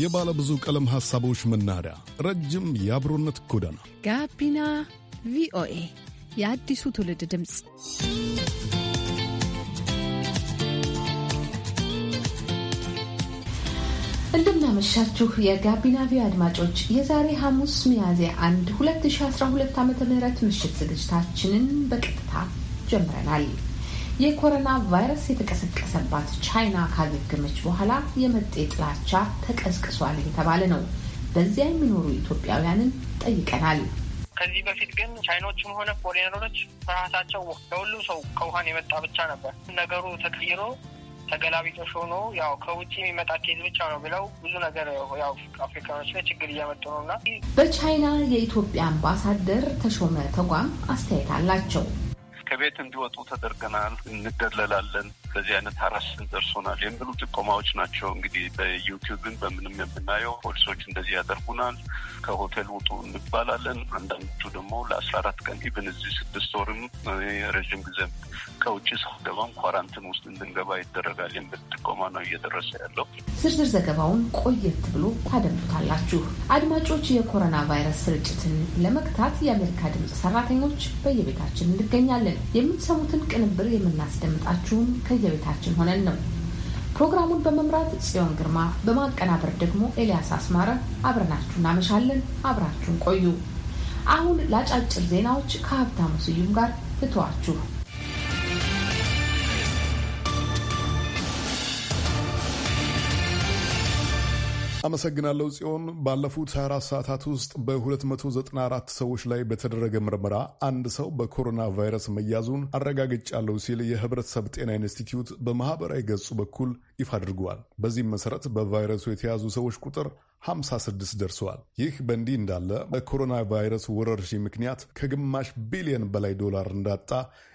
የባለ ብዙ ቀለም ሐሳቦች መናኸሪያ፣ ረጅም የአብሮነት ጎዳና ጋቢና ቪኦኤ የአዲሱ ትውልድ ድምፅ። እንደምናመሻችሁ የጋቢና ቪ አድማጮች የዛሬ ሐሙስ ሚያዝያ 1 2012 ዓ ም ምሽት ዝግጅታችንን በቀጥታ ጀምረናል። የኮሮና ቫይረስ የተቀሰቀሰባት ቻይና ካገገመች በኋላ የመጤ ጥላቻ ተቀዝቅሷል እየተባለ ነው። በዚያ የሚኖሩ ኢትዮጵያውያንን ጠይቀናል። ከዚህ በፊት ግን ቻይኖችም ሆነ ፎሬነሮች ፍርሃታቸው ለሁሉም ሰው ከውሃን የመጣ ብቻ ነበር። ነገሩ ተቀይሮ ተገላቢጦሽ ሆኖ ያው ከውጭ የሚመጣ ኬዝ ብቻ ነው ብለው ብዙ ነገር ያው አፍሪካኖች ላይ ችግር እያመጡ ነው እና በቻይና የኢትዮጵያ አምባሳደር ተሾመ ተጓም አስተያየት አላቸው። ከቤት እንዲወጡ ተደርገናል፣ እንደለላለን፣ በዚህ አይነት አራስን ደርሶናል የሚሉ ጥቆማዎች ናቸው። እንግዲህ በዩቲዩብን በምንም የምናየው ፖሊሶች እንደዚህ ያደርጉናል፣ ከሆቴል ውጡ እንባላለን። አንዳንዶቹ ደግሞ ለአስራ አራት ቀን ኢብን እዚህ ስድስት ወርም ረዥም ጊዜ ከውጭ ሰው ኳራንትን ውስጥ እንድንገባ ይደረጋል የሚል ጥቆማ ነው እየደረሰ ያለው። ዝርዝር ዘገባውን ቆየት ብሎ ታደምጡታላችሁ። አድማጮች፣ የኮሮና ቫይረስ ስርጭትን ለመግታት የአሜሪካ ድምፅ ሰራተኞች በየቤታችን እንገኛለን። የምትሰሙትን ቅንብር የምናስደምጣችሁም ከየቤታችን ሆነን ነው። ፕሮግራሙን በመምራት ጽዮን ግርማ፣ በማቀናበር ደግሞ ኤልያስ አስማረ አብረናችሁ እናመሻለን። አብራችሁን ቆዩ። አሁን ለአጫጭር ዜናዎች ከሀብታሙ ስዩም ጋር ልተዋችሁ። አመሰግናለሁ ጽዮን። ባለፉት 24 ሰዓታት ውስጥ በ294 ሰዎች ላይ በተደረገ ምርመራ አንድ ሰው በኮሮና ቫይረስ መያዙን አረጋግጫለሁ ሲል የህብረተሰብ ጤና ኢንስቲትዩት በማህበራዊ ገጹ በኩል ይፋ አድርገዋል። በዚህም መሰረት በቫይረሱ የተያዙ ሰዎች ቁጥር 56 ደርሰዋል። ይህ በእንዲህ እንዳለ በኮሮና ቫይረስ ወረርሽኝ ምክንያት ከግማሽ ቢሊዮን በላይ ዶላር እንዳጣ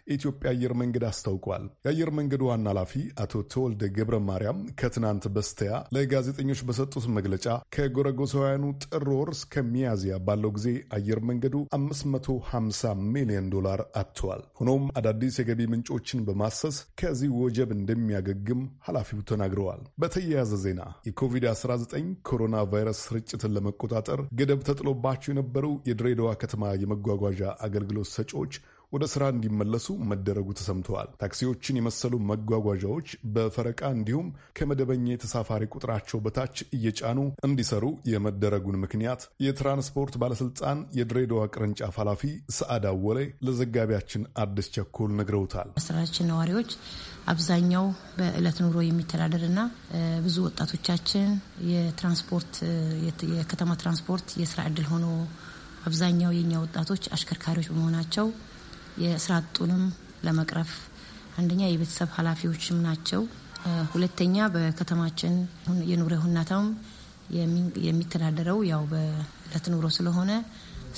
የኢትዮጵያ አየር መንገድ አስታውቋል። የአየር መንገዱ ዋና ኃላፊ አቶ ተወልደ ገብረ ማርያም ከትናንት በስቲያ ለጋዜጠኞች በሰጡት መግለጫ ከጎረጎሳውያኑ ጥር ወር እስከ ሚያዝያ ባለው ጊዜ አየር መንገዱ 550 ሚሊዮን ዶላር አጥተዋል። ሆኖም አዳዲስ የገቢ ምንጮችን በማሰስ ከዚህ ወጀብ እንደሚያገግም ኃላፊው ተናግረዋል። በተያያዘ ዜና የኮቪድ-19 ኮሮና ቫይረስ ስርጭትን ለመቆጣጠር ገደብ ተጥሎባቸው የነበሩ የድሬዳዋ ከተማ የመጓጓዣ አገልግሎት ሰጪዎች ወደ ስራ እንዲመለሱ መደረጉ ተሰምተዋል። ታክሲዎችን የመሰሉ መጓጓዣዎች በፈረቃ እንዲሁም ከመደበኛ የተሳፋሪ ቁጥራቸው በታች እየጫኑ እንዲሰሩ የመደረጉን ምክንያት የትራንስፖርት ባለስልጣን የድሬዳዋ ቅርንጫፍ ኃላፊ ሰዓዳ ወሌ ለዘጋቢያችን አዲስ ቸኮል ነግረውታል። ስራችን ነዋሪዎች አብዛኛው በእለት ኑሮ የሚተዳደርና ብዙ ወጣቶቻችን የትራንስፖርት የከተማ ትራንስፖርት የስራ እድል ሆኖ አብዛኛው የኛ ወጣቶች አሽከርካሪዎች በመሆናቸው የስራ አጡንም ለመቅረፍ አንደኛ የቤተሰብ ኃላፊዎችም ናቸው። ሁለተኛ በከተማችን የኑሮ ሁናታውም የሚተዳደረው ያው በእለት ኑሮ ስለሆነ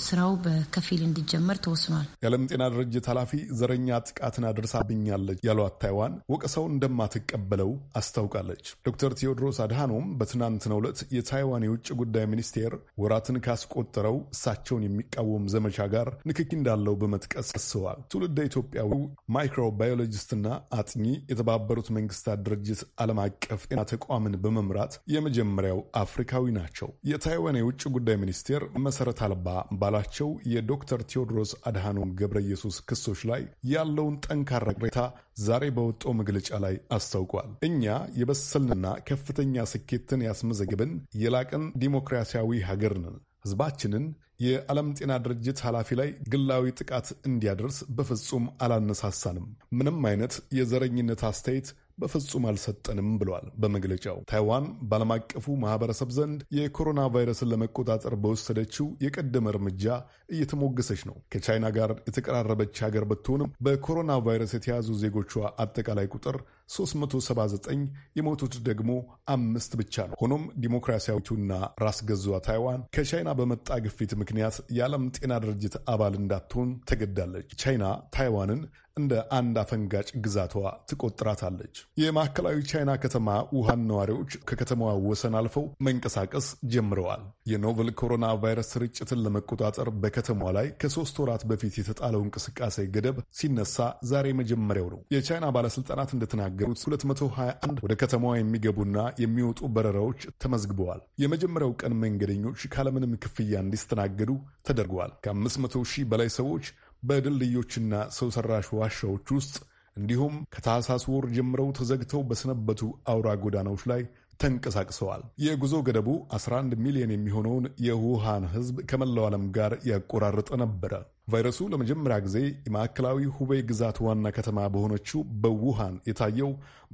ስራው በከፊል እንዲጀመር ተወስኗል። የዓለም ጤና ድርጅት ኃላፊ ዘረኛ ጥቃትን አድርሳብኛለች ያሏት ታይዋን ወቀሰው እንደማትቀበለው አስታውቃለች። ዶክተር ቴዎድሮስ አድሃኖም በትናንትናው ዕለት የታይዋን የውጭ ጉዳይ ሚኒስቴር ወራትን ካስቆጠረው እሳቸውን የሚቃወም ዘመቻ ጋር ንክኪ እንዳለው በመጥቀስ ከሰዋል። ትውልደ ኢትዮጵያዊው ማይክሮባዮሎጂስትና አጥኚ የተባበሩት መንግስታት ድርጅት ዓለም አቀፍ ጤና ተቋምን በመምራት የመጀመሪያው አፍሪካዊ ናቸው። የታይዋን የውጭ ጉዳይ ሚኒስቴር መሰረት አልባ ባላቸው የዶክተር ቴዎድሮስ አድሃኖም ገብረ ኢየሱስ ክሶች ላይ ያለውን ጠንካራ ቅሬታ ዛሬ በወጣው መግለጫ ላይ አስታውቋል። እኛ የበሰልንና ከፍተኛ ስኬትን ያስመዘግብን የላቅን ዲሞክራሲያዊ ሀገር ነን። ህዝባችንን የዓለም ጤና ድርጅት ኃላፊ ላይ ግላዊ ጥቃት እንዲያደርስ በፍጹም አላነሳሳንም። ምንም አይነት የዘረኝነት አስተያየት በፍጹም አልሰጠንም ብሏል በመግለጫው። ታይዋን በዓለም አቀፉ ማህበረሰብ ዘንድ የኮሮና ቫይረስን ለመቆጣጠር በወሰደችው የቀደመ እርምጃ እየተሞገሰች ነው። ከቻይና ጋር የተቀራረበች ሀገር ብትሆንም በኮሮና ቫይረስ የተያዙ ዜጎቿ አጠቃላይ ቁጥር 379 የሞቱት ደግሞ አምስት ብቻ ነው። ሆኖም ዲሞክራሲያዊቱና ራስ ገዟ ታይዋን ከቻይና በመጣ ግፊት ምክንያት የዓለም ጤና ድርጅት አባል እንዳትሆን ተገዳለች። ቻይና ታይዋንን እንደ አንድ አፈንጋጭ ግዛቷ ትቆጥራታለች። የማዕከላዊ ቻይና ከተማ ውሃን ነዋሪዎች ከከተማዋ ወሰን አልፈው መንቀሳቀስ ጀምረዋል። የኖቨል ኮሮና ቫይረስ ስርጭትን ለመቆጣጠር በከተማዋ ላይ ከሶስት ወራት በፊት የተጣለው እንቅስቃሴ ገደብ ሲነሳ ዛሬ መጀመሪያው ነው። የቻይና ባለስልጣናት እንደተናገ ከተናገሩት 221 ወደ ከተማዋ የሚገቡና የሚወጡ በረራዎች ተመዝግበዋል። የመጀመሪያው ቀን መንገደኞች ካለምንም ክፍያ እንዲስተናገዱ ተደርገዋል። ከ500 ሺህ በላይ ሰዎች በድልድዮችና ሰው ሰራሽ ዋሻዎች ውስጥ እንዲሁም ከታህሳስ ወር ጀምረው ተዘግተው በሰነበቱ አውራ ጎዳናዎች ላይ ተንቀሳቅሰዋል። የጉዞ ገደቡ 11 ሚሊዮን የሚሆነውን የውሃን ሕዝብ ከመላው ዓለም ጋር ያቆራረጠ ነበረ። ቫይረሱ ለመጀመሪያ ጊዜ የማዕከላዊ ሁቤይ ግዛት ዋና ከተማ በሆነችው በውሃን የታየው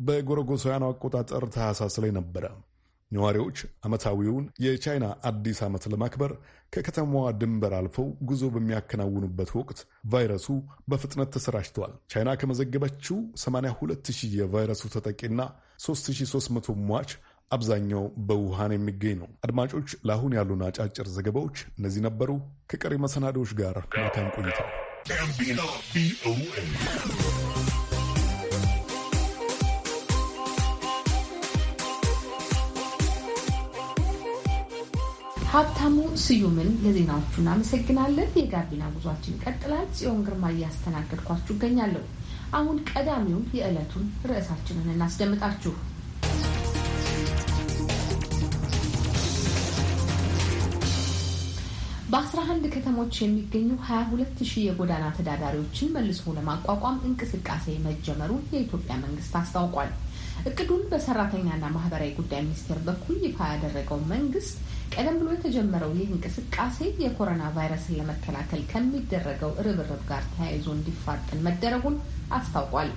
በጎረጎሳውያኑ አቆጣጠር ታህሳስ ላይ ነበረ። ነዋሪዎች ዓመታዊውን የቻይና አዲስ ዓመት ለማክበር ከከተማዋ ድንበር አልፈው ጉዞ በሚያከናውኑበት ወቅት ቫይረሱ በፍጥነት ተሰራጭቷል። ቻይና ከመዘገበችው 82 የቫይረሱ ተጠቂና 3300 ሟች አብዛኛው በውሃን የሚገኝ ነው። አድማጮች፣ ለአሁን ያሉን አጫጭር ዘገባዎች እነዚህ ነበሩ። ከቀሪ መሰናዶዎች ጋር መልካም ቆይታ። ሀብታሙ ስዩምን ለዜናዎቹ እናመሰግናለን። የጋቢና ጉዟችን ይቀጥላል። ጽዮን ግርማ እያስተናገድኳችሁ እገኛለሁ። አሁን ቀዳሚውን የዕለቱን ርዕሳችንን እናስደምጣችሁ። በ11 ከተሞች የሚገኙ 22 ሺህ የጎዳና ተዳዳሪዎችን መልሶ ለማቋቋም እንቅስቃሴ መጀመሩ የኢትዮጵያ መንግስት አስታውቋል። እቅዱን በሰራተኛና ማህበራዊ ጉዳይ ሚኒስቴር በኩል ይፋ ያደረገው መንግስት ቀደም ብሎ የተጀመረው ይህ እንቅስቃሴ የኮሮና ቫይረስን ለመከላከል ከሚደረገው ርብርብ ጋር ተያይዞ እንዲፋጠን መደረጉን አስታውቋል።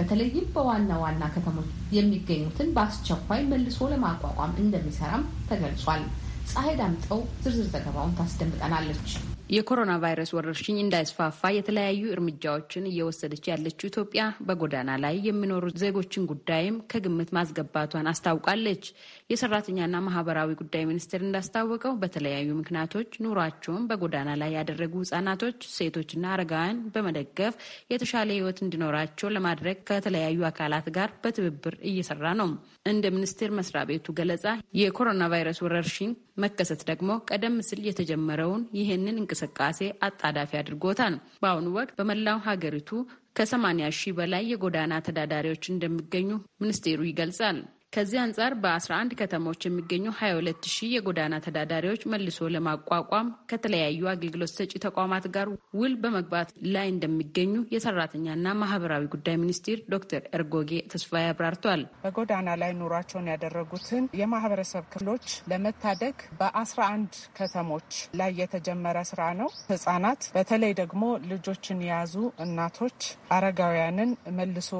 በተለይም በዋና ዋና ከተሞች የሚገኙትን በአስቸኳይ መልሶ ለማቋቋም እንደሚሰራም ተገልጿል። ፀሐይ ዳምጠው ዝርዝር ዘገባውን ታስደምጠናለች። የኮሮና ቫይረስ ወረርሽኝ እንዳይስፋፋ የተለያዩ እርምጃዎችን እየወሰደች ያለችው ኢትዮጵያ በጎዳና ላይ የሚኖሩ ዜጎችን ጉዳይም ከግምት ማስገባቷን አስታውቃለች። የሰራተኛና ማህበራዊ ጉዳይ ሚኒስቴር እንዳስታወቀው በተለያዩ ምክንያቶች ኑሯቸውን በጎዳና ላይ ያደረጉ ህጻናቶች፣ ሴቶችና አረጋውያን በመደገፍ የተሻለ ህይወት እንዲኖራቸው ለማድረግ ከተለያዩ አካላት ጋር በትብብር እየሰራ ነው። እንደ ሚኒስቴር መስሪያ ቤቱ ገለጻ የኮሮና ቫይረስ ወረርሽኝ መከሰት ደግሞ ቀደም ሲል የተጀመረውን ይህንን እንቅስቃሴ አጣዳፊ አድርጎታል። በአሁኑ ወቅት በመላው ሀገሪቱ ከ80 ሺህ በላይ የጎዳና ተዳዳሪዎች እንደሚገኙ ሚኒስቴሩ ይገልጻል። ከዚህ አንጻር በ11 ከተሞች የሚገኙ 22 ሺህ የጎዳና ተዳዳሪዎች መልሶ ለማቋቋም ከተለያዩ አገልግሎት ሰጪ ተቋማት ጋር ውል በመግባት ላይ እንደሚገኙ የሰራተኛና ማህበራዊ ጉዳይ ሚኒስትር ዶክተር ኤርጎጌ ተስፋዬ አብራርቷል። በጎዳና ላይ ኑሯቸውን ያደረጉትን የማህበረሰብ ክፍሎች ለመታደግ በ11 ከተሞች ላይ የተጀመረ ስራ ነው። ህጻናት በተለይ ደግሞ ልጆችን የያዙ እናቶች አረጋውያንን መልሶ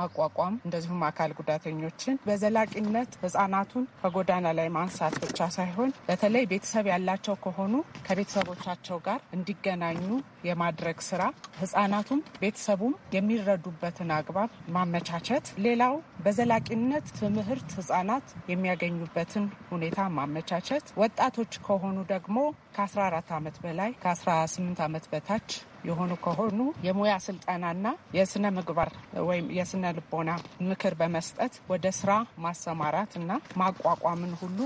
ማቋቋም እንደዚሁም አካል ጉዳተኞችን በዘላ በዘላቂነት ህጻናቱን ከጎዳና ላይ ማንሳት ብቻ ሳይሆን በተለይ ቤተሰብ ያላቸው ከሆኑ ከቤተሰቦቻቸው ጋር እንዲገናኙ የማድረግ ስራ ህጻናቱም ቤተሰቡም የሚረዱበትን አግባብ ማመቻቸት፣ ሌላው በዘላቂነት ትምህርት ህጻናት የሚያገኙበትን ሁኔታ ማመቻቸት፣ ወጣቶች ከሆኑ ደግሞ ከ14 ዓመት በላይ ከ18 ዓመት በታች የሆኑ ከሆኑ የሙያ ስልጠናና የስነ ምግባር ወይም የስነ ልቦና ምክር በመስጠት ወደ ስራ ማሰማራት እና ማቋቋምን ሁሉ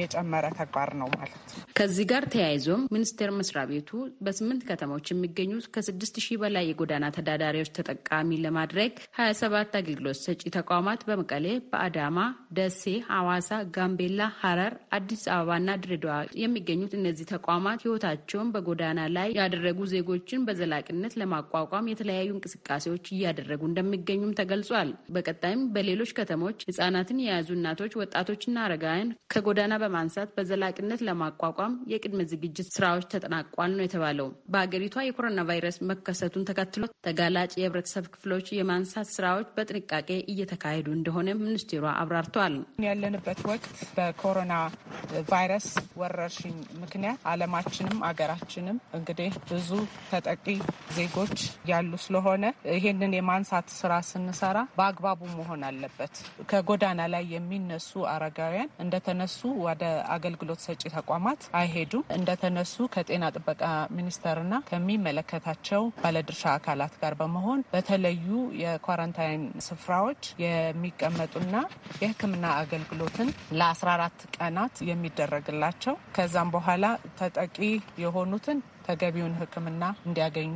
የጨመረ ተግባር ነው ማለት ነው። ከዚህ ጋር ተያይዞም ሚኒስቴር መስሪያ ቤቱ በስምንት ከተሞች የሚገኙ ከስድስት ሺህ በላይ የጎዳና ተዳዳሪዎች ተጠቃሚ ለማድረግ ሀያ ሰባት አገልግሎት ሰጪ ተቋማት በመቀሌ፣ በአዳማ፣ ደሴ፣ አዋሳ፣ ጋምቤላ፣ ሀረር፣ አዲስ አበባና ድሬዳዋ የሚገኙት እነዚህ ተቋማት ህይወታቸውን በጎዳና ላይ ያደረጉ ዜጎችን በዘላቂነት ለማቋቋም የተለያዩ እንቅስቃሴዎች እያደረጉ እንደሚገኙም ተገልጿል። በቀጣይም በሌሎች ከተሞች ህጻናትን የያዙ እናቶች፣ ወጣቶችና አረጋውያን ከጎዳና በማንሳት በዘላቂነት ለማቋቋም የቅድመ ዝግጅት ስራዎች ተጠናቋል ነው የተባለው። በአገሪቷ የኮሮና ቫይረስ መከሰቱን ተከትሎ ተጋላጭ የህብረተሰብ ክፍሎች የማንሳት ስራዎች በጥንቃቄ እየተካሄዱ እንደሆነ ሚኒስቴሯ አብራርተዋል። ያለንበት ወቅት በኮሮና ቫይረስ ወረርሽኝ ምክንያት አለማችንም አገራችንም እንግዲህ ብዙ ተጠ ተመራቂ ዜጎች ያሉ ስለሆነ ይሄንን የማንሳት ስራ ስንሰራ በአግባቡ መሆን አለበት። ከጎዳና ላይ የሚነሱ አረጋውያን እንደተነሱ ወደ አገልግሎት ሰጪ ተቋማት አይሄዱም። እንደተነሱ ከጤና ጥበቃ ሚኒስቴርና ከሚመለከታቸው ባለድርሻ አካላት ጋር በመሆን በተለዩ የኳረንታይን ስፍራዎች የሚቀመጡና የሕክምና አገልግሎትን ለ14 ቀናት የሚደረግላቸው ከዛም በኋላ ተጠቂ የሆኑትን ተገቢውን ሕክምና እንዲያገኙ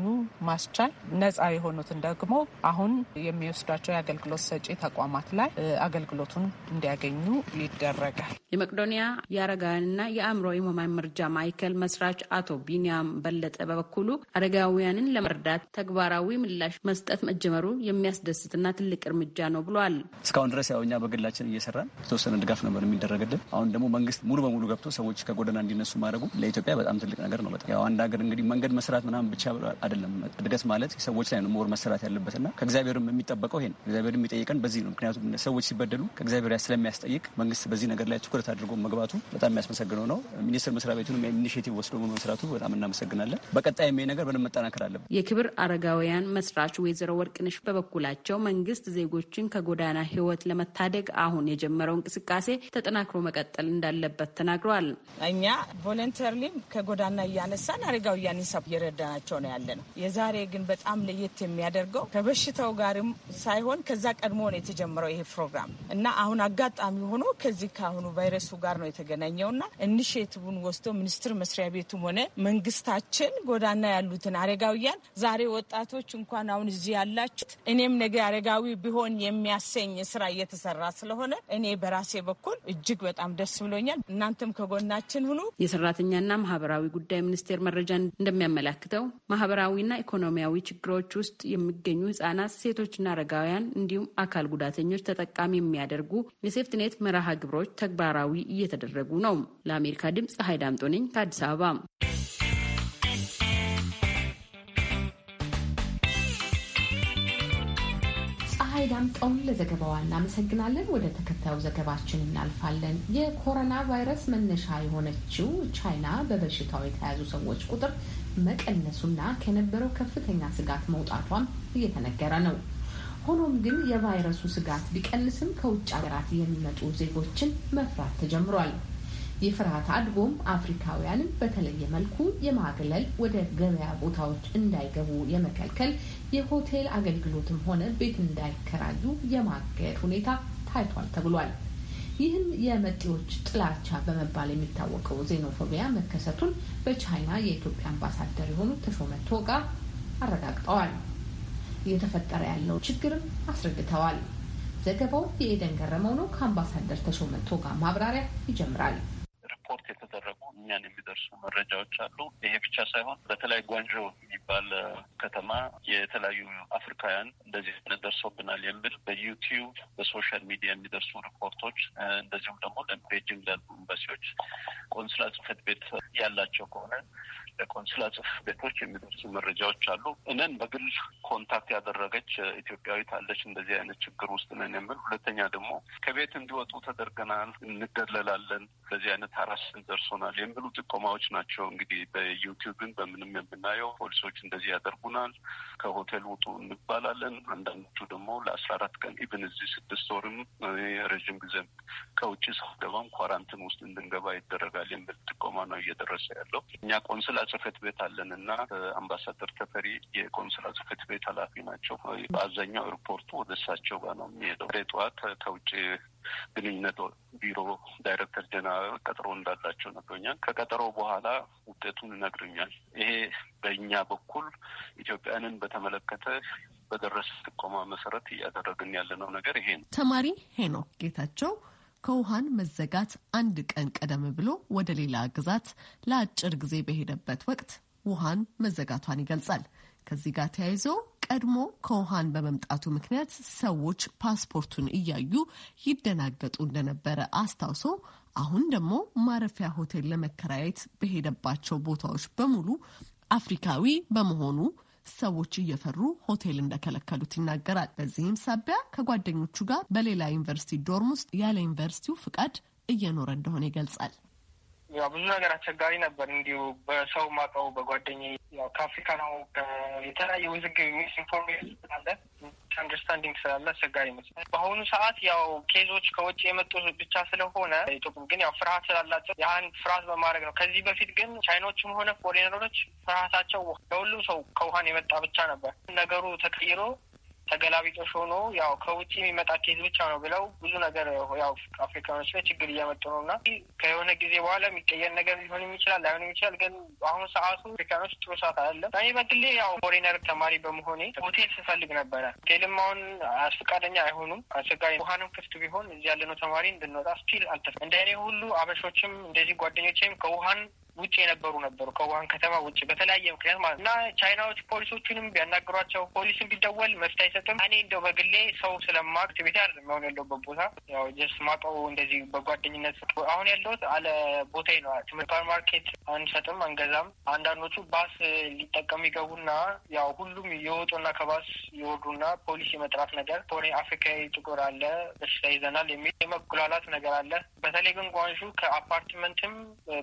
ማስቻል፣ ነፃ የሆኑትን ደግሞ አሁን የሚወስዷቸው የአገልግሎት ሰጪ ተቋማት ላይ አገልግሎቱን እንዲያገኙ ይደረጋል። የመቅዶኒያ የአረጋውያንና የአእምሮ ህሙማን መርጃ ማዕከል መስራች አቶ ቢኒያም በለጠ በበኩሉ አረጋውያንን ለመርዳት ተግባራዊ ምላሽ መስጠት መጀመሩ የሚያስደስትና ትልቅ እርምጃ ነው ብሏል። እስካሁን ድረስ ያው እኛ በግላችን እየሰራን የተወሰነ ድጋፍ ነበር የሚደረግልን። አሁን ደግሞ መንግስት ሙሉ በሙሉ ገብቶ ሰዎች ከጎዳና እንዲነሱ ማድረጉ ለኢትዮጵያ በጣም ትልቅ ነገር ነው። በጣም ያው አንድ ሀገር እንግዲህ መንገድ መስራት ምናምን ብቻ አይደለም። እድገት ማለት ሰዎች ላይ ነው ሞር መሰራት ያለበት እና ከእግዚአብሔርም የሚጠበቀው ይሄ ነው። እግዚአብሔር የሚጠይቀን በዚህ ነው። ምክንያቱም ሰዎች ሲበደሉ ከእግዚአብሔር ስለሚያስጠይቅ መንግስት በዚህ ነገር ላይ ትኩረት አድርጎ መግባቱ በጣም የሚያስመሰግነው ነው። ሚኒስትር መስሪያ ቤቱንም ኢኒሽቲቭ ወስዶ መስራቱ በጣም እናመሰግናለን። በቀጣይም ይሄ ነገር በደንብ መጠናከር አለበት። የክብር አረጋውያን መስራች ወይዘሮ ወርቅነሽ በበኩላቸው መንግስት ዜጎችን ከጎዳና ህይወት ለመታደግ አሁን የጀመረው እንቅስቃሴ ተጠናክሮ መቀጠል እንዳለበት ተናግረዋል። እኛ ቮለንተሪም ከጎዳና እያነሳን አረጋ ነው እያንሳብ እየረዳናቸው ነው ያለ ነው። የዛሬ ግን በጣም ለየት የሚያደርገው ከበሽታው ጋርም ሳይሆን ከዛ ቀድሞ ነው የተጀመረው ይሄ ፕሮግራም እና አሁን አጋጣሚ ሆኖ ከዚህ ከአሁኑ ቫይረሱ ጋር ነው የተገናኘውና ኢኒሽቲቭን ወስዶ ሚኒስቴር መስሪያ ቤቱም ሆነ መንግስታችን ጎዳና ያሉትን አረጋውያን ዛሬ ወጣቶች እንኳን አሁን እዚህ ያላችሁት እኔም ነገ አረጋዊ ቢሆን የሚያሰኝ ስራ እየተሰራ ስለሆነ እኔ በራሴ በኩል እጅግ በጣም ደስ ብሎኛል። እናንተም ከጎናችን ሁኑ። የሰራተኛና ማህበራዊ ጉዳይ ሚኒስቴር መረጃ እንደሚያመላክተው ማህበራዊና ኢኮኖሚያዊ ችግሮች ውስጥ የሚገኙ ህጻናት፣ ሴቶችና አረጋውያን እንዲሁም አካል ጉዳተኞች ተጠቃሚ የሚያደርጉ የሴፍትኔት መርሃ ግብሮች ተግባራዊ እየተደረጉ ነው። ለአሜሪካ ድምፅ ሀይዳምጦ ነኝ ከአዲስ አበባ ዳምጠውን ለዘገባዋ እናመሰግናለን። ወደ ተከታዩ ዘገባችን እናልፋለን። የኮሮና ቫይረስ መነሻ የሆነችው ቻይና በበሽታው የተያዙ ሰዎች ቁጥር መቀነሱና ከነበረው ከፍተኛ ስጋት መውጣቷም እየተነገረ ነው። ሆኖም ግን የቫይረሱ ስጋት ቢቀንስም ከውጭ ሀገራት የሚመጡ ዜጎችን መፍራት ተጀምሯል። ይህ ፍርሃት አድጎም አፍሪካውያንን በተለየ መልኩ የማግለል ወደ ገበያ ቦታዎች እንዳይገቡ የመከልከል የሆቴል አገልግሎትም ሆነ ቤት እንዳይከራዩ የማገድ ሁኔታ ታይቷል ተብሏል። ይህን የመጤዎች ጥላቻ በመባል የሚታወቀው ዜኖፎቢያ መከሰቱን በቻይና የኢትዮጵያ አምባሳደር የሆኑት ተሾመ ቶጋ አረጋግጠዋል። እየተፈጠረ ያለው ችግርም አስረድተዋል። ዘገባው የኤደን ገረመው ነው። ከአምባሳደር ተሾመ ቶጋ ማብራሪያ ይጀምራል። እኛን የሚደርሱ መረጃዎች አሉ። ይሄ ብቻ ሳይሆን በተለይ ጓንጆ የሚባል ከተማ የተለያዩ አፍሪካውያን እንደዚህ ደርሶብናል የሚል በዩቲዩብ በሶሻል ሚዲያ የሚደርሱ ሪፖርቶች እንደዚሁም ደግሞ ለቤጂንግ ላሉ ኤምባሲዎች፣ ቆንስላ ጽሕፈት ቤት ያላቸው ከሆነ ለቆንስላ ጽፍ ቤቶች የሚደርሱ መረጃዎች አሉ። እነን በግል ኮንታክት ያደረገች ኢትዮጵያዊት አለች እንደዚህ አይነት ችግር ውስጥ ነን የምል። ሁለተኛ ደግሞ ከቤት እንዲወጡ ተደርገናል፣ እንደለላለን፣ በዚህ አይነት አራስን ደርሶናል የሚሉ ጥቆማዎች ናቸው። እንግዲህ በዩቲዩብን በምንም የምናየው ፖሊሶች እንደዚህ ያደርጉናል፣ ከሆቴል ውጡ እንባላለን። አንዳንዶቹ ደግሞ ለአስራ አራት ቀን ኢብን እዚህ ስድስት ወርም ረዥም ጊዜ ከውጭ ሰው ገባም ኳራንትን ውስጥ እንድንገባ ይደረጋል የሚል ጥቆማ ነው እየደረሰ ያለው እኛ ቆንስላ ጽህፈት ቤት አለን እና አምባሳደር ተፈሪ የቆንስላ ጽህፈት ቤት ኃላፊ ናቸው። በአብዛኛው ሪፖርቱ ወደ እሳቸው ጋር ነው የሚሄደው። ጠዋት ከውጭ ግንኙነት ቢሮ ዳይሬክተር ጀነራል ቀጠሮ እንዳላቸው ነግሮኛል። ከቀጠሮ በኋላ ውጤቱን ይነግርኛል። ይሄ በእኛ በኩል ኢትዮጵያንን በተመለከተ በደረሰ ጥቆማ መሰረት እያደረግን ያለነው ነገር ይሄ ነው። ተማሪ ሄኖክ ጌታቸው ከውሃን መዘጋት አንድ ቀን ቀደም ብሎ ወደ ሌላ ግዛት ለአጭር ጊዜ በሄደበት ወቅት ውሃን መዘጋቷን ይገልጻል። ከዚህ ጋር ተያይዞ ቀድሞ ከውሃን በመምጣቱ ምክንያት ሰዎች ፓስፖርቱን እያዩ ይደናገጡ እንደነበረ አስታውሶ አሁን ደግሞ ማረፊያ ሆቴል ለመከራየት በሄደባቸው ቦታዎች በሙሉ አፍሪካዊ በመሆኑ ሰዎች እየፈሩ ሆቴል እንደከለከሉት ይናገራል። በዚህም ሳቢያ ከጓደኞቹ ጋር በሌላ ዩኒቨርሲቲ ዶርም ውስጥ ያለ ዩኒቨርሲቲው ፍቃድ እየኖረ እንደሆነ ይገልጻል። ያው ብዙ ነገር አስቸጋሪ ነበር። እንዲሁ በሰው ማቀው በጓደኛ ያው ከአፍሪካ ነው የተለያየ ውዝግብ ሚስ ኢንፎርሜሽን ስላለ አንደርስታንዲንግ ስላለ አስቸጋሪ ይመስላል። በአሁኑ ሰዓት ያው ኬዞች ከውጭ የመጡ ብቻ ስለሆነ ኢትዮጵያ ግን ያው ፍርሀት ስላላቸው ያን ፍርሀት በማድረግ ነው። ከዚህ በፊት ግን ቻይኖችም ሆነ ፎሬነሮች ፍርሀታቸው ለሁሉም ሰው ከውሀን የመጣ ብቻ ነበር። ነገሩ ተቀይሮ ተገላቢጦሽ ሆኖ ያው ከውጭ የሚመጣ ኬዝ ብቻ ነው ብለው ብዙ ነገር ያው አፍሪካኖች ላይ ችግር እያመጡ ነው እና ከሆነ ጊዜ በኋላ የሚቀየር ነገር ሊሆንም ይችላል አይሆንም ይችላል። ግን አሁን ሰዓቱ አፍሪካኖች ጥሩ ሰዓት አይደለም። እኔ በግሌ ያው ፎሬነር ተማሪ በመሆኔ ሆቴል ስፈልግ ነበረ። ሆቴልም አሁን አስፈቃደኛ አይሆኑም፣ አስቸጋሪ ውሃንም ክፍት ቢሆን እዚህ ያለነው ተማሪ እንድንወጣ ስቲል አልተፈ እንደ እኔ ሁሉ አበሾችም እንደዚህ ጓደኞችም ከውሃን ውጭ የነበሩ ነበሩ ከዋን ከተማ ውጭ በተለያየ ምክንያት ማለት እና ቻይናዎች ፖሊሶቹንም ቢያናግሯቸው ፖሊስን ቢደወል መፍት አይሰጥም። እኔ እንደው በግሌ ሰው ስለማቅ ትቤት አይደለም አሁን ያለሁበት ቦታ ያው ጀስት ማቀው እንደዚህ በጓደኝነት አሁን ያለሁት አለ ቦታ ነው። ሱፐር ማርኬት አንሰጥም፣ አንገዛም። አንዳንዶቹ ባስ ሊጠቀሙ ይገቡና ያው ሁሉም የወጡና ከባስ የወዱና ፖሊስ የመጥራት ነገር ቶሬ አፍሪካዊ ጥቁር አለ በሽታ ይዘናል የሚል የመጉላላት ነገር አለ። በተለይ ግን ጓንሹ ከአፓርትመንትም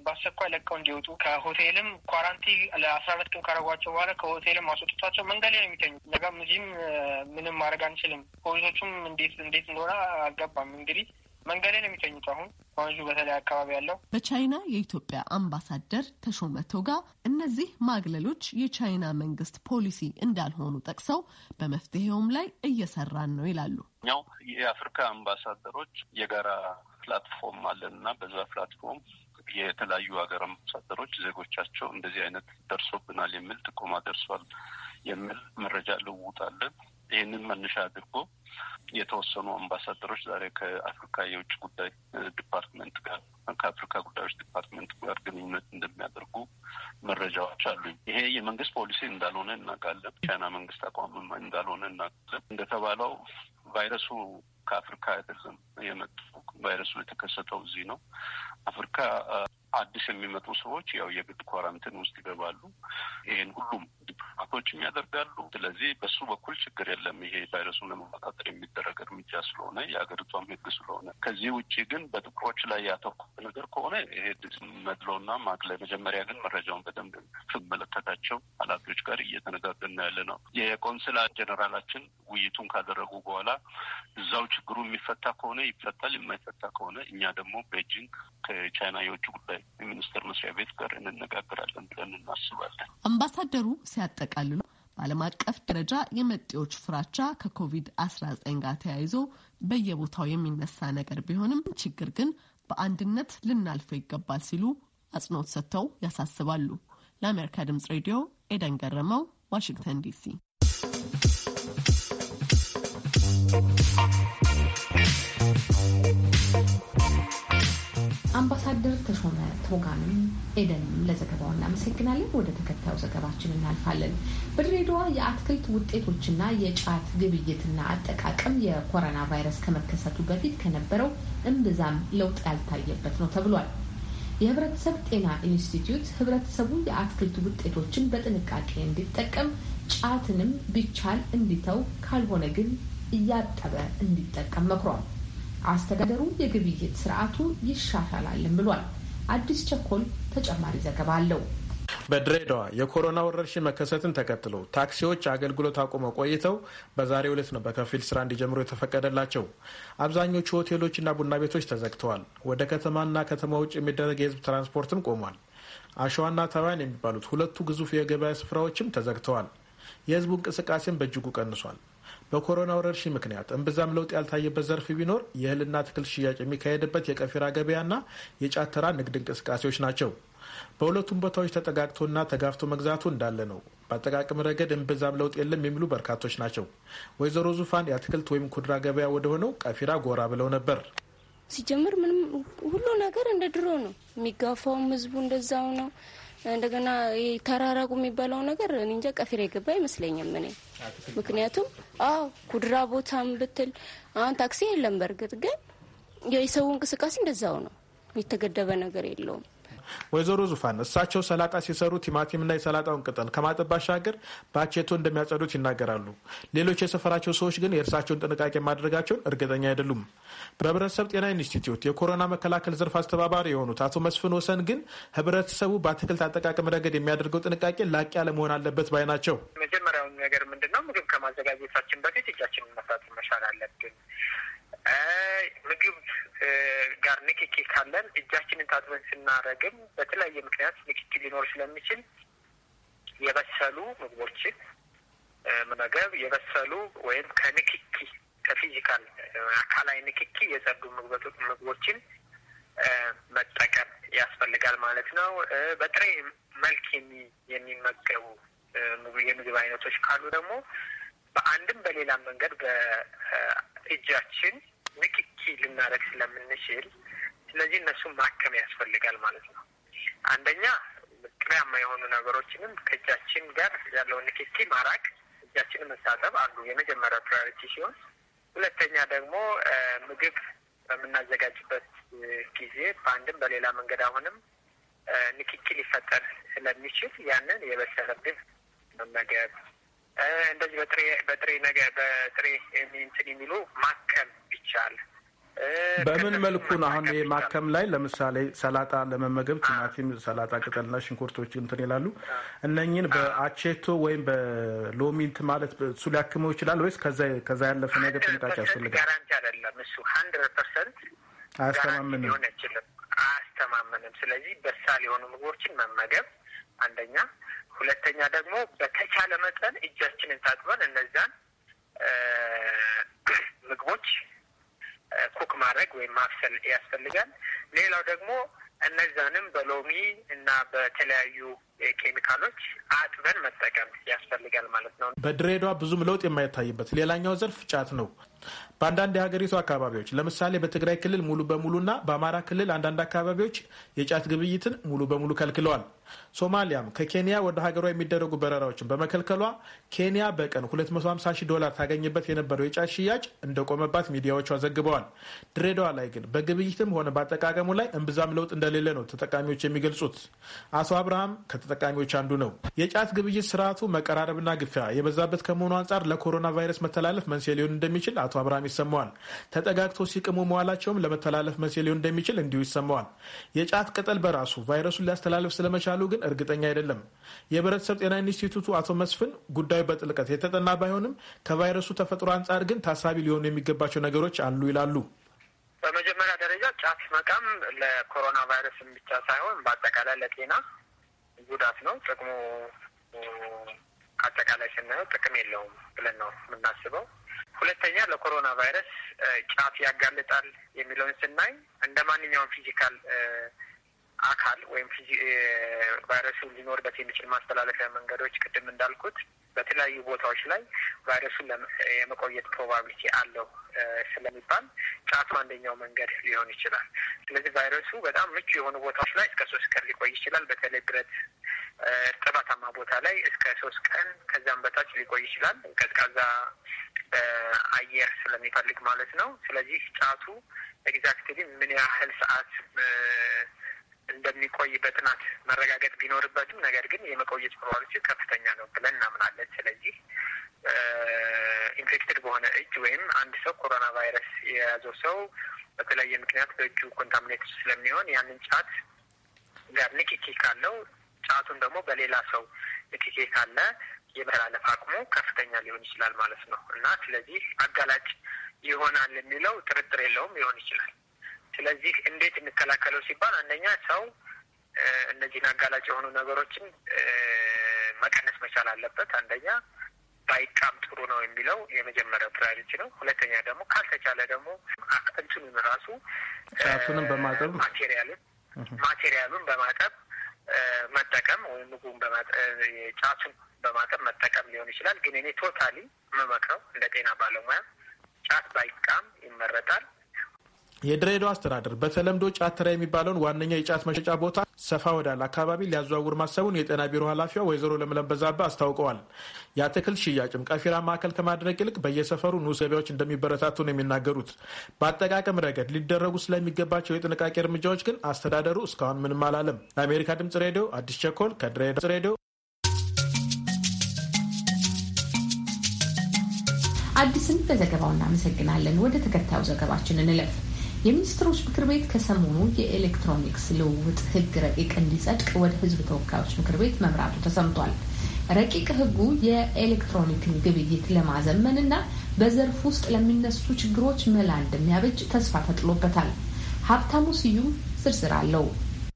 በአስቸኳይ ለቀው እንዲወጡ ከሆቴልም ኳራንቲ ለአስራ ሁለት ቀን ካረጓቸው በኋላ ከሆቴልም አስወጥቷቸው መንገድ ላይ ነው የሚተኙ። ነገም እዚህም ምንም ማድረግ አንችልም። ፖሊሶቹም እንዴት እንዴት እንደሆነ አልገባም። እንግዲህ መንገድ ላይ ነው የሚተኙት። አሁን ወንዙ በተለይ አካባቢ ያለው በቻይና የኢትዮጵያ አምባሳደር ተሾመ ቶጋ እነዚህ ማግለሎች የቻይና መንግስት ፖሊሲ እንዳልሆኑ ጠቅሰው በመፍትሄውም ላይ እየሰራን ነው ይላሉ። እኛው የአፍሪካ አምባሳደሮች የጋራ ፕላትፎርም አለን እና በዛ ፕላትፎርም የተለያዩ ሀገር አምባሳደሮች ዜጎቻቸው እንደዚህ አይነት ደርሶብናል የሚል ጥቆማ ደርሷል የሚል መረጃ ልውውጥ አለን። ይህንን መነሻ አድርጎ የተወሰኑ አምባሳደሮች ዛሬ ከአፍሪካ የውጭ ጉዳይ ዲፓርትመንት ጋር ከአፍሪካ ጉዳዮች ዲፓርትመንት ጋር ግንኙነት እንደሚያደርጉ መረጃዎች አሉ። ይሄ የመንግስት ፖሊሲ እንዳልሆነ እናውቃለን። ቻይና መንግስት አቋምም እንዳልሆነ እናውቃለን። እንደተባለው ቫይረሱ ከአፍሪካ አይደለም የመጡ ቫይረሱ የተከሰተው እዚህ ነው። አፍሪካ አዲስ የሚመጡ ሰዎች ያው የግድ ኳራንቲን ውስጥ ይገባሉ። ይህን ሁሉም ዲፕሎማቶችም ያደርጋሉ። ስለዚህ በሱ በኩል ችግር የለም። ይሄ ቫይረሱን ለመቆጣጠር የሚደረግ እርምጃ ስለሆነ የሀገሪቷም ሕግ ስለሆነ ከዚህ ውጭ ግን በጥቁሮች ላይ ያተኮረ ነገር ከሆነ ይሄ መድሎና ማግለ መጀመሪያ ግን መረጃውን በደንብ ስመለከታቸው ኃላፊዎች ጋር እየተነጋገርን ያለ ነው። የቆንስላ ጀኔራላችን ውይይቱን ካደረጉ በኋላ እዛው ችግሩ የሚፈታ ከሆነ ይፈታል፣ የማይፈታ ከሆነ እኛ ደግሞ ቤጂንግ ከቻይና የውጭ ጉዳይ የሚኒስቴር መስሪያ ቤት ጋር እንነጋገራለን ብለን እናስባለን። አምባሳደሩ ሲያጠቃልሉ በዓለም አቀፍ ደረጃ የመጤዎች ፍራቻ ከኮቪድ-19 ጋር ተያይዞ በየቦታው የሚነሳ ነገር ቢሆንም ችግር ግን በአንድነት ልናልፈው ይገባል ሲሉ አጽንኦት ሰጥተው ያሳስባሉ። ለአሜሪካ ድምጽ ሬዲዮ ኤደን ገረመው፣ ዋሽንግተን ዲሲ አምባሳደር ተሾመ ቶጋንም ኤደንም ለዘገባው እናመሰግናለን። ወደ ተከታዩ ዘገባችን እናልፋለን። በድሬዳዋ የአትክልት ውጤቶችና የጫት ግብይትና አጠቃቀም የኮሮና ቫይረስ ከመከሰቱ በፊት ከነበረው እምብዛም ለውጥ ያልታየበት ነው ተብሏል። የህብረተሰብ ጤና ኢንስቲትዩት ህብረተሰቡ የአትክልት ውጤቶችን በጥንቃቄ እንዲጠቀም ጫትንም ቢቻል እንዲተው ካልሆነ ግን እያጠበ እንዲጠቀም መክሯል። አስተዳደሩ የግብይት ስርዓቱ ይሻሻላልም ብሏል። አዲስ ቸኮል ተጨማሪ ዘገባ አለው። በድሬዳዋ የኮሮና ወረርሽኝ መከሰትን ተከትሎ ታክሲዎች አገልግሎት አቁመው ቆይተው በዛሬው ዕለት ነው በከፊል ስራ እንዲጀምሩ የተፈቀደላቸው። አብዛኞቹ ሆቴሎችና ቡና ቤቶች ተዘግተዋል። ወደ ከተማና ከተማ ውጭ የሚደረግ የህዝብ ትራንስፖርትም ቆሟል። አሸዋና ተባያን የሚባሉት ሁለቱ ግዙፍ የገበያ ስፍራዎችም ተዘግተዋል። የህዝቡ እንቅስቃሴም በእጅጉ ቀንሷል። በኮሮና ወረርሽኝ ምክንያት እምብዛም ለውጥ ያልታየበት ዘርፍ ቢኖር የእህልና አትክልት ሽያጭ የሚካሄድበት የቀፊራ ገበያና የጫተራ ንግድ እንቅስቃሴዎች ናቸው። በሁለቱም ቦታዎች ተጠጋግቶና ተጋፍቶ መግዛቱ እንዳለ ነው። በአጠቃቀም ረገድ እምብዛም ለውጥ የለም የሚሉ በርካቶች ናቸው። ወይዘሮ ዙፋን የአትክልት ወይም ኩድራ ገበያ ወደሆነው ቀፊራ ጎራ ብለው ነበር። ሲጀምር ምንም ሁሉ ነገር እንደ ድሮ ነው። የሚጋፋውም ህዝቡ እንደዛው ነው። እንደገና ተራራቁ የሚባለው ነገር እንጃ ቀፊር የገባ አይመስለኝም እኔ ምክንያቱም አዎ ኩድራ ቦታም ብትል አሁን ታክሲ የለም። በእርግጥ ግን የሰው እንቅስቃሴ እንደዛው ነው፣ የተገደበ ነገር የለውም። ወይዘሮ ዙፋን እሳቸው ሰላጣ ሲሰሩ ቲማቲምና የሰላጣውን ቅጠል ከማጠብ ባሻገር ባቼቶ እንደሚያጸዱት ይናገራሉ። ሌሎች የሰፈራቸው ሰዎች ግን የእርሳቸውን ጥንቃቄ ማድረጋቸውን እርግጠኛ አይደሉም። በህብረተሰብ ጤና ኢንስቲትዩት የኮሮና መከላከል ዘርፍ አስተባባሪ የሆኑት አቶ መስፍን ወሰን ግን ህብረተሰቡ በአትክልት አጠቃቀም ረገድ የሚያደርገው ጥንቃቄ ላቅ ያለ መሆን አለበት ባይ ናቸው። መጀመሪያውን ነገር ምንድነው ምግብ ከማዘጋጀታችን በፊት እጃችንን መታጠብ መቻል አለብን። ምግብ ጋር ንክኪ ካለን እጃችንን ታጥበን ስናረግም በተለያየ ምክንያት ንክኪ ሊኖር ስለሚችል የበሰሉ ምግቦችን መመገብ፣ የበሰሉ ወይም ከንክኪ ከፊዚካል አካላዊ ንክኪ የጸዱ ምግቦችን መጠቀም ያስፈልጋል ማለት ነው። በጥሬ መልክ የሚመገቡ የምግብ አይነቶች ካሉ ደግሞ በአንድም በሌላም መንገድ በእጃችን ንክኪ ልናደርግ ስለምንችል ስለዚህ እነሱን ማከም ያስፈልጋል ማለት ነው። አንደኛ ቅሪያማ የሆኑ ነገሮችንም ከእጃችን ጋር ያለውን ንክኪ ማራቅ፣ እጃችንን መታጠብ አንዱ የመጀመሪያ ፕራዮሪቲ ሲሆን፣ ሁለተኛ ደግሞ ምግብ በምናዘጋጅበት ጊዜ በአንድም በሌላ መንገድ አሁንም ንክኪ ሊፈጠር ስለሚችል ያንን የበሰለ ምግብ መመገብ እንደዚህ በጥሬ በጥሬ ነገር በጥሬ እንትን የሚሉ ማከም ይቻል። በምን መልኩ ነው አሁን ይሄ ማከም ላይ ለምሳሌ ሰላጣ ለመመገብ ቲማቲም፣ ሰላጣ ቅጠልና ሽንኩርቶች እንትን ይላሉ። እነኝን በአቼቶ ወይም በሎሚንት ማለት እሱ ሊያክመው ይችላል ወይስ ከዛ ያለፈ ነገር ጥንቃቄ ያስፈልጋል? ጋራንቲ አይደለም እሱ ሀንድረድ ፐርሰንት አያስተማምንም፣ ሊሆን አይችልም፣ አያስተማምንም። ስለዚህ በሳል የሆኑ ምግቦችን መመገብ አንደኛ ሁለተኛ ደግሞ በተቻለ መጠን እጃችንን ታጥበን እነዚያን ምግቦች ኩክ ማድረግ ወይም ማብሰል ያስፈልጋል። ሌላው ደግሞ እነዛንም በሎሚ እና በተለያዩ ኬሚካሎች አጥበን መጠቀም ያስፈልጋል ማለት ነው። በድሬዳዋ ብዙም ለውጥ የማይታይበት ሌላኛው ዘርፍ ጫት ነው። በአንዳንድ የሀገሪቱ አካባቢዎች ለምሳሌ በትግራይ ክልል ሙሉ በሙሉና በአማራ ክልል አንዳንድ አካባቢዎች የጫት ግብይትን ሙሉ በሙሉ ከልክለዋል። ሶማሊያም ከኬንያ ወደ ሀገሯ የሚደረጉ በረራዎችን በመከልከሏ ኬንያ በቀን 250 ሺህ ዶላር ታገኝበት የነበረው የጫት ሽያጭ እንደቆመባት ሚዲያዎቿ ዘግበዋል። ድሬዳዋ ላይ ግን በግብይትም ሆነ በአጠቃቀሙ ላይ እምብዛም ለውጥ እንደሌለ ነው ተጠቃሚዎች የሚገልጹት። አቶ አብርሃም ከተጠቃሚዎች አንዱ ነው። የጫት ግብይት ስርዓቱ መቀራረብና ግፊያ የበዛበት ከመሆኑ አንጻር ለኮሮና ቫይረስ መተላለፍ መንስኤ ሊሆን እንደሚችል አቶ አብርሃም ይሰማዋል። ተጠጋግተው ሲቅሙ መዋላቸውም ለመተላለፍ መንስኤ ሊሆን እንደሚችል እንዲሁ ይሰማዋል። የጫት ቅጠል በራሱ ቫይረሱን ሊያስተላልፍ ስለመቻሉ ግን እርግጠኛ አይደለም። የህብረተሰብ ጤና ኢንስቲትዩቱ አቶ መስፍን ጉዳዩ በጥልቀት የተጠና ባይሆንም ከቫይረሱ ተፈጥሮ አንጻር ግን ታሳቢ ሊሆኑ የሚገባቸው ነገሮች አሉ ይላሉ። በመጀመሪያ ደረጃ ጫት መቃም ለኮሮና ቫይረስ ብቻ ሳይሆን በአጠቃላይ ለጤና ጉዳት ነው። ጥቅሙ አጠቃላይ ስናየው ጥቅም የለውም ብለን ነው የምናስበው። ሁለተኛ ለኮሮና ቫይረስ ጫት ያጋልጣል የሚለውን ስናይ እንደ ማንኛውም ፊዚካል አካል ወይም ቫይረሱ ሊኖርበት የሚችል ማስተላለፊያ መንገዶች ቅድም እንዳልኩት በተለያዩ ቦታዎች ላይ ቫይረሱ የመቆየት ፕሮባቢሊቲ አለው ስለሚባል ጫቱ አንደኛው መንገድ ሊሆን ይችላል። ስለዚህ ቫይረሱ በጣም ምቹ የሆኑ ቦታዎች ላይ እስከ ሶስት ቀን ሊቆይ ይችላል። በተለይ ብረት ቅባታማ ቦታ ላይ እስከ ሶስት ቀን ከዚያም በታች ሊቆይ ይችላል። ቀዝቃዛ አየር ስለሚፈልግ ማለት ነው። ስለዚህ ጫቱ ኤግዛክትሊ ምን ያህል ሰዓት እንደሚቆይ በጥናት መረጋገጥ ቢኖርበትም ነገር ግን የመቆየት ፕሮባቢሊቲው ከፍተኛ ነው ብለን እናምናለን። ስለዚህ ኢንፌክትድ በሆነ እጅ ወይም አንድ ሰው ኮሮና ቫይረስ የያዘው ሰው በተለያየ ምክንያት በእጁ ኮንታሚኔት ስለሚሆን ያንን ጫት ጋር ንክኪ ካለው ጫቱን ደግሞ በሌላ ሰው እክኬ ካለ የመተላለፍ አቅሙ ከፍተኛ ሊሆን ይችላል ማለት ነው እና ስለዚህ አጋላጭ ይሆናል የሚለው ጥርጥር የለውም ሊሆን ይችላል። ስለዚህ እንዴት እንከላከለው ሲባል አንደኛ ሰው እነዚህን አጋላጭ የሆኑ ነገሮችን መቀነስ መቻል አለበት። አንደኛ ባይቃም ጥሩ ነው የሚለው የመጀመሪያው ፕራሪቲ ነው። ሁለተኛ ደግሞ ካልተቻለ ደግሞ እንትኑን ራሱ ጫቱንም በማጠብ ማቴሪያሉን ማቴሪያሉን በማጠብ መጠቀም ወይም ምግቡን ጫቱን በማጠብ መጠቀም ሊሆን ይችላል። ግን እኔ ቶታሊ የምመክረው እንደ ጤና ባለሙያ ጫት ባይቃም ይመረጣል። የድሬዳዋ አስተዳደር በተለምዶ ጫትራ የሚባለውን ዋነኛ የጫት መሸጫ ቦታ ሰፋ ወዳለ አካባቢ ሊያዘዋውር ማሰቡን የጤና ቢሮ ኃላፊዋ ወይዘሮ ለምለም በዛብህ አስታውቀዋል። የአትክልት ሽያጭም ቀፊራ ማዕከል ከማድረግ ይልቅ በየሰፈሩ ንዑስ ገበያዎች እንደሚበረታቱ ነው የሚናገሩት። በአጠቃቀም ረገድ ሊደረጉ ስለሚገባቸው የጥንቃቄ እርምጃዎች ግን አስተዳደሩ እስካሁን ምንም አላለም። ለአሜሪካ ድምጽ ሬዲዮ አዲስ ቸኮል ከድሬዳዋ ሬዲዮ አዲስን በዘገባው እናመሰግናለን። ወደ ተከታዩ ዘገባችን እንለፍ። የሚኒስትሮች ምክር ቤት ከሰሞኑ የኤሌክትሮኒክስ ልውውጥ ህግ ረቂቅ እንዲጸድቅ ወደ ህዝብ ተወካዮች ምክር ቤት መምራቱ ተሰምቷል። ረቂቅ ህጉ የኤሌክትሮኒክን ግብይት ለማዘመን እና በዘርፍ ውስጥ ለሚነሱ ችግሮች መላ እንደሚያበጅ ተስፋ ተጥሎበታል። ሀብታሙ ስዩም ዝርዝር አለው።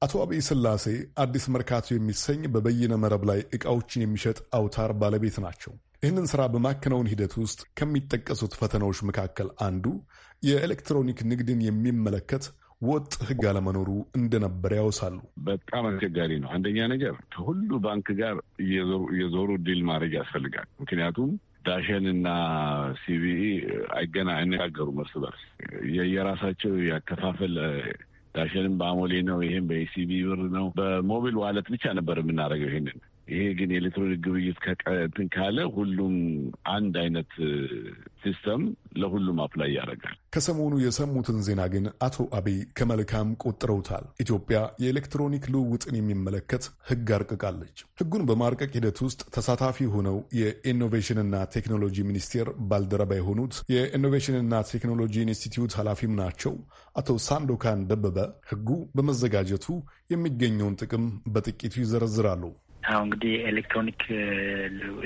አቶ አብይ ስላሴ አዲስ መርካቶ የሚሰኝ በበይነ መረብ ላይ እቃዎችን የሚሸጥ አውታር ባለቤት ናቸው። ይህንን ስራ በማከናወን ሂደት ውስጥ ከሚጠቀሱት ፈተናዎች መካከል አንዱ የኤሌክትሮኒክ ንግድን የሚመለከት ወጥ ህግ አለመኖሩ እንደነበረ ያውሳሉ። በጣም አስቸጋሪ ነው። አንደኛ ነገር ከሁሉ ባንክ ጋር የዞሩ ዲል ማድረግ ያስፈልጋል። ምክንያቱም ዳሸን እና ሲቢኢ አይገና አይነጋገሩም እርስ በርስ የየራሳቸው ያከፋፈል ዳሸንም በአሞሌ ነው፣ ይህም በኢሲቢ ብር ነው። በሞቢል ዋለት ብቻ ነበር የምናደርገው። ይህንን ይሄ ግን የኤሌክትሮኒክ ግብይት ከቀትን ካለ ሁሉም አንድ አይነት ሲስተም ለሁሉም አፕላይ ያደርጋል። ከሰሞኑ የሰሙትን ዜና ግን አቶ አቤይ ከመልካም ቆጥረውታል። ኢትዮጵያ የኤሌክትሮኒክ ልውውጥን የሚመለከት ሕግ አርቅቃለች። ሕጉን በማርቀቅ ሂደት ውስጥ ተሳታፊ ሆነው የኢኖቬሽንና ቴክኖሎጂ ሚኒስቴር ባልደረባ የሆኑት የኢኖቬሽንና ቴክኖሎጂ ኢንስቲትዩት ኃላፊም ናቸው አቶ ሳንዶካን ደበበ ሕጉ በመዘጋጀቱ የሚገኘውን ጥቅም በጥቂቱ ይዘረዝራሉ። አሁ እንግዲህ ኤሌክትሮኒክ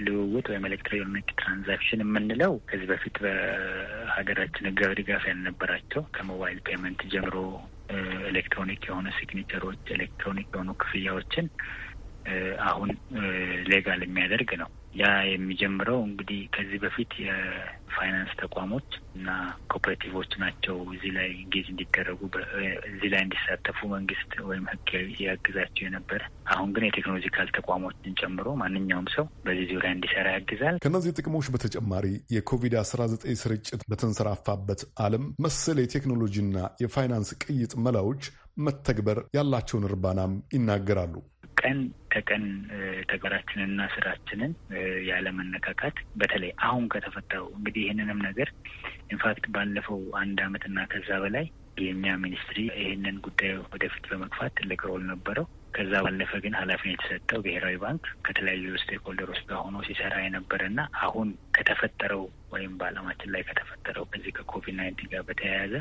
ልውውጥ ወይም ኤሌክትሮኒክ ትራንዛክሽን የምንለው ከዚህ በፊት በሀገራችን ህጋዊ ድጋፍ ያልነበራቸው ከሞባይል ፔመንት ጀምሮ ኤሌክትሮኒክ የሆኑ ሲግኒቸሮች፣ ኤሌክትሮኒክ የሆኑ ክፍያዎችን አሁን ሌጋል የሚያደርግ ነው። ያ የሚጀምረው እንግዲህ ከዚህ በፊት የፋይናንስ ተቋሞች እና ኮፐሬቲቮች ናቸው እዚህ ላይ እንጌጅ እንዲደረጉ እዚህ ላይ እንዲሳተፉ መንግስት ወይም ህግ ያግዛቸው የነበረ። አሁን ግን የቴክኖሎጂካል ተቋሞችን ጨምሮ ማንኛውም ሰው በዚህ ዙሪያ እንዲሰራ ያግዛል። ከእነዚህ ጥቅሞች በተጨማሪ የኮቪድ አስራ ዘጠኝ ስርጭት በተንሰራፋበት ዓለም መሰል የቴክኖሎጂና የፋይናንስ ቅይጥ መላዎች መተግበር ያላቸውን እርባናም ይናገራሉ። ቀን ተቀን ተግባራችንንና ስራችንን ያለመነካካት በተለይ አሁን ከተፈጠረው እንግዲህ ይህንንም ነገር ኢንፋክት ባለፈው አንድ አመትና ከዛ በላይ የእኛ ሚኒስትሪ ይህንን ጉዳይ ወደፊት በመግፋት ትልቅ ሮል ነበረው። ከዛ ባለፈ ግን ኃላፊነት የተሰጠው ብሔራዊ ባንክ ከተለያዩ ስቴክሆልደሮች ጋር ሆኖ ሲሰራ የነበረና አሁን ከተፈጠረው ወይም በዓለማችን ላይ ከተፈጠረው ከዚህ ከኮቪድ ናይንቲን ጋር በተያያዘ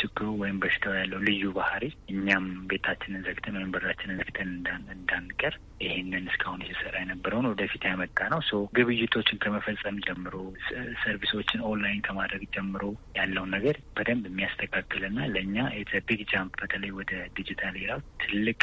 ችግሩ ወይም በሽታው ያለው ልዩ ባህሪ እኛም ቤታችንን ዘግተን ወይም በራችንን ዘግተን እንዳንቀር ይሄንን እስካሁን ሲሰራ የነበረውን ወደፊት ያመጣ ነው። ሶ ግብይቶችን ከመፈጸም ጀምሮ ሰርቪሶችን ኦንላይን ከማድረግ ጀምሮ ያለውን ነገር በደንብ የሚያስተካክልና ለእኛ ቢግ ጃምፕ በተለይ ወደ ዲጂታል ኤራ ትልቅ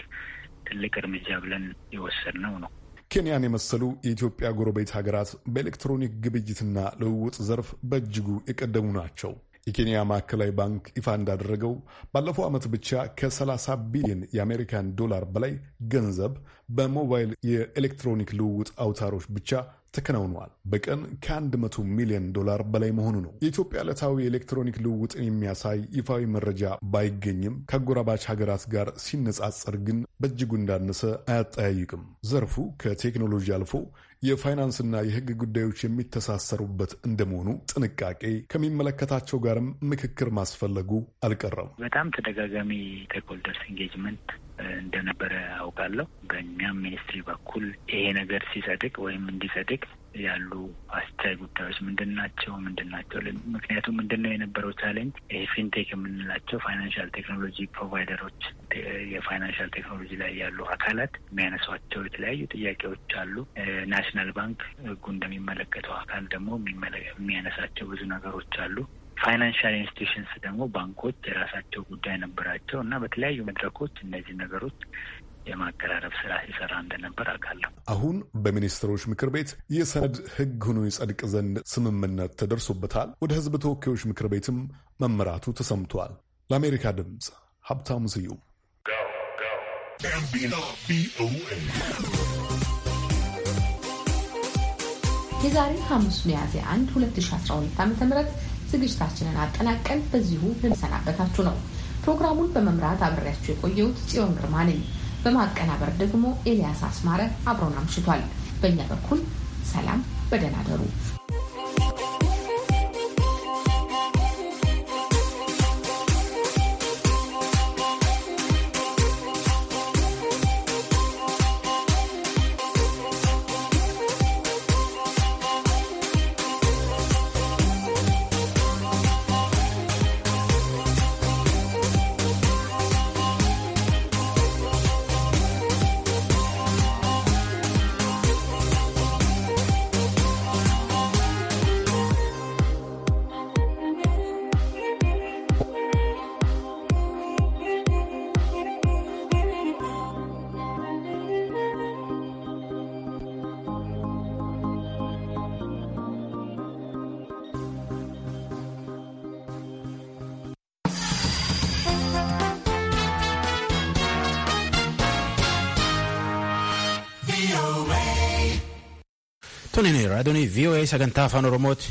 ትልቅ እርምጃ ብለን የወሰድነው ነው። ኬንያን የመሰሉ የኢትዮጵያ ጎረቤት ሀገራት በኤሌክትሮኒክ ግብይትና ልውውጥ ዘርፍ በእጅጉ የቀደሙ ናቸው። የኬንያ ማዕከላዊ ባንክ ይፋ እንዳደረገው ባለፈው ዓመት ብቻ ከ30 ቢሊዮን የአሜሪካን ዶላር በላይ ገንዘብ በሞባይል የኤሌክትሮኒክ ልውውጥ አውታሮች ብቻ ተከናውኗል። በቀን ከ100 ሚሊዮን ዶላር በላይ መሆኑ ነው። የኢትዮጵያ ዕለታዊ የኤሌክትሮኒክ ልውውጥን የሚያሳይ ይፋዊ መረጃ ባይገኝም ከአጎራባች ሀገራት ጋር ሲነጻጸር ግን በእጅጉ እንዳነሰ አያጠያይቅም። ዘርፉ ከቴክኖሎጂ አልፎ የፋይናንስና የሕግ ጉዳዮች የሚተሳሰሩበት እንደመሆኑ ጥንቃቄ ከሚመለከታቸው ጋርም ምክክር ማስፈለጉ አልቀረም። በጣም ተደጋጋሚ ስቴክሆልደርስ ኢንጌጅመንት እንደነበረ ያውቃለሁ። በእኛም ሚኒስትሪ በኩል ይሄ ነገር ሲጸድቅ ወይም እንዲጸድቅ ያሉ አስቻይ ጉዳዮች ምንድን ናቸው ምንድን ናቸው? ምክንያቱም ምንድን ነው የነበረው ቻሌንጅ ይሄ ፊንቴክ የምንላቸው ፋይናንሻል ቴክኖሎጂ ፕሮቫይደሮች፣ የፋይናንሻል ቴክኖሎጂ ላይ ያሉ አካላት የሚያነሷቸው የተለያዩ ጥያቄዎች አሉ። ናሽናል ባንክ ህጉ እንደሚመለከተው አካል ደግሞ የሚያነሳቸው ብዙ ነገሮች አሉ። ፋይናንሻል ኢንስቲቱሽንስ ደግሞ ባንኮች የራሳቸው ጉዳይ ነበራቸው እና በተለያዩ መድረኮች እነዚህ ነገሮች የማቀራረብ ስራ ሲሰራ እንደነበር አውቃለሁ። አሁን በሚኒስትሮች ምክር ቤት የሰነድ ህግ ሆኖ ይጸድቅ ዘንድ ስምምነት ተደርሶበታል። ወደ ህዝብ ተወካዮች ምክር ቤትም መመራቱ ተሰምቷል። ለአሜሪካ ድምፅ ሀብታሙ ስዩም። የዛሬ ሐሙስ ሚያዝያ 1 2012 ዓ ም ዝግጅታችንን አጠናቀን በዚሁ ልንሰናበታችሁ ነው። ፕሮግራሙን በመምራት አብሬያችሁ የቆየሁት ጽዮን ግርማ ነኝ። በማቀናበር ደግሞ ኤልያስ አስማረ አብሮን አምሽቷል። በእኛ በኩል ሰላም፣ በደህና ደሩ። raadiyoon VOA sagantaa afaan Oromooti.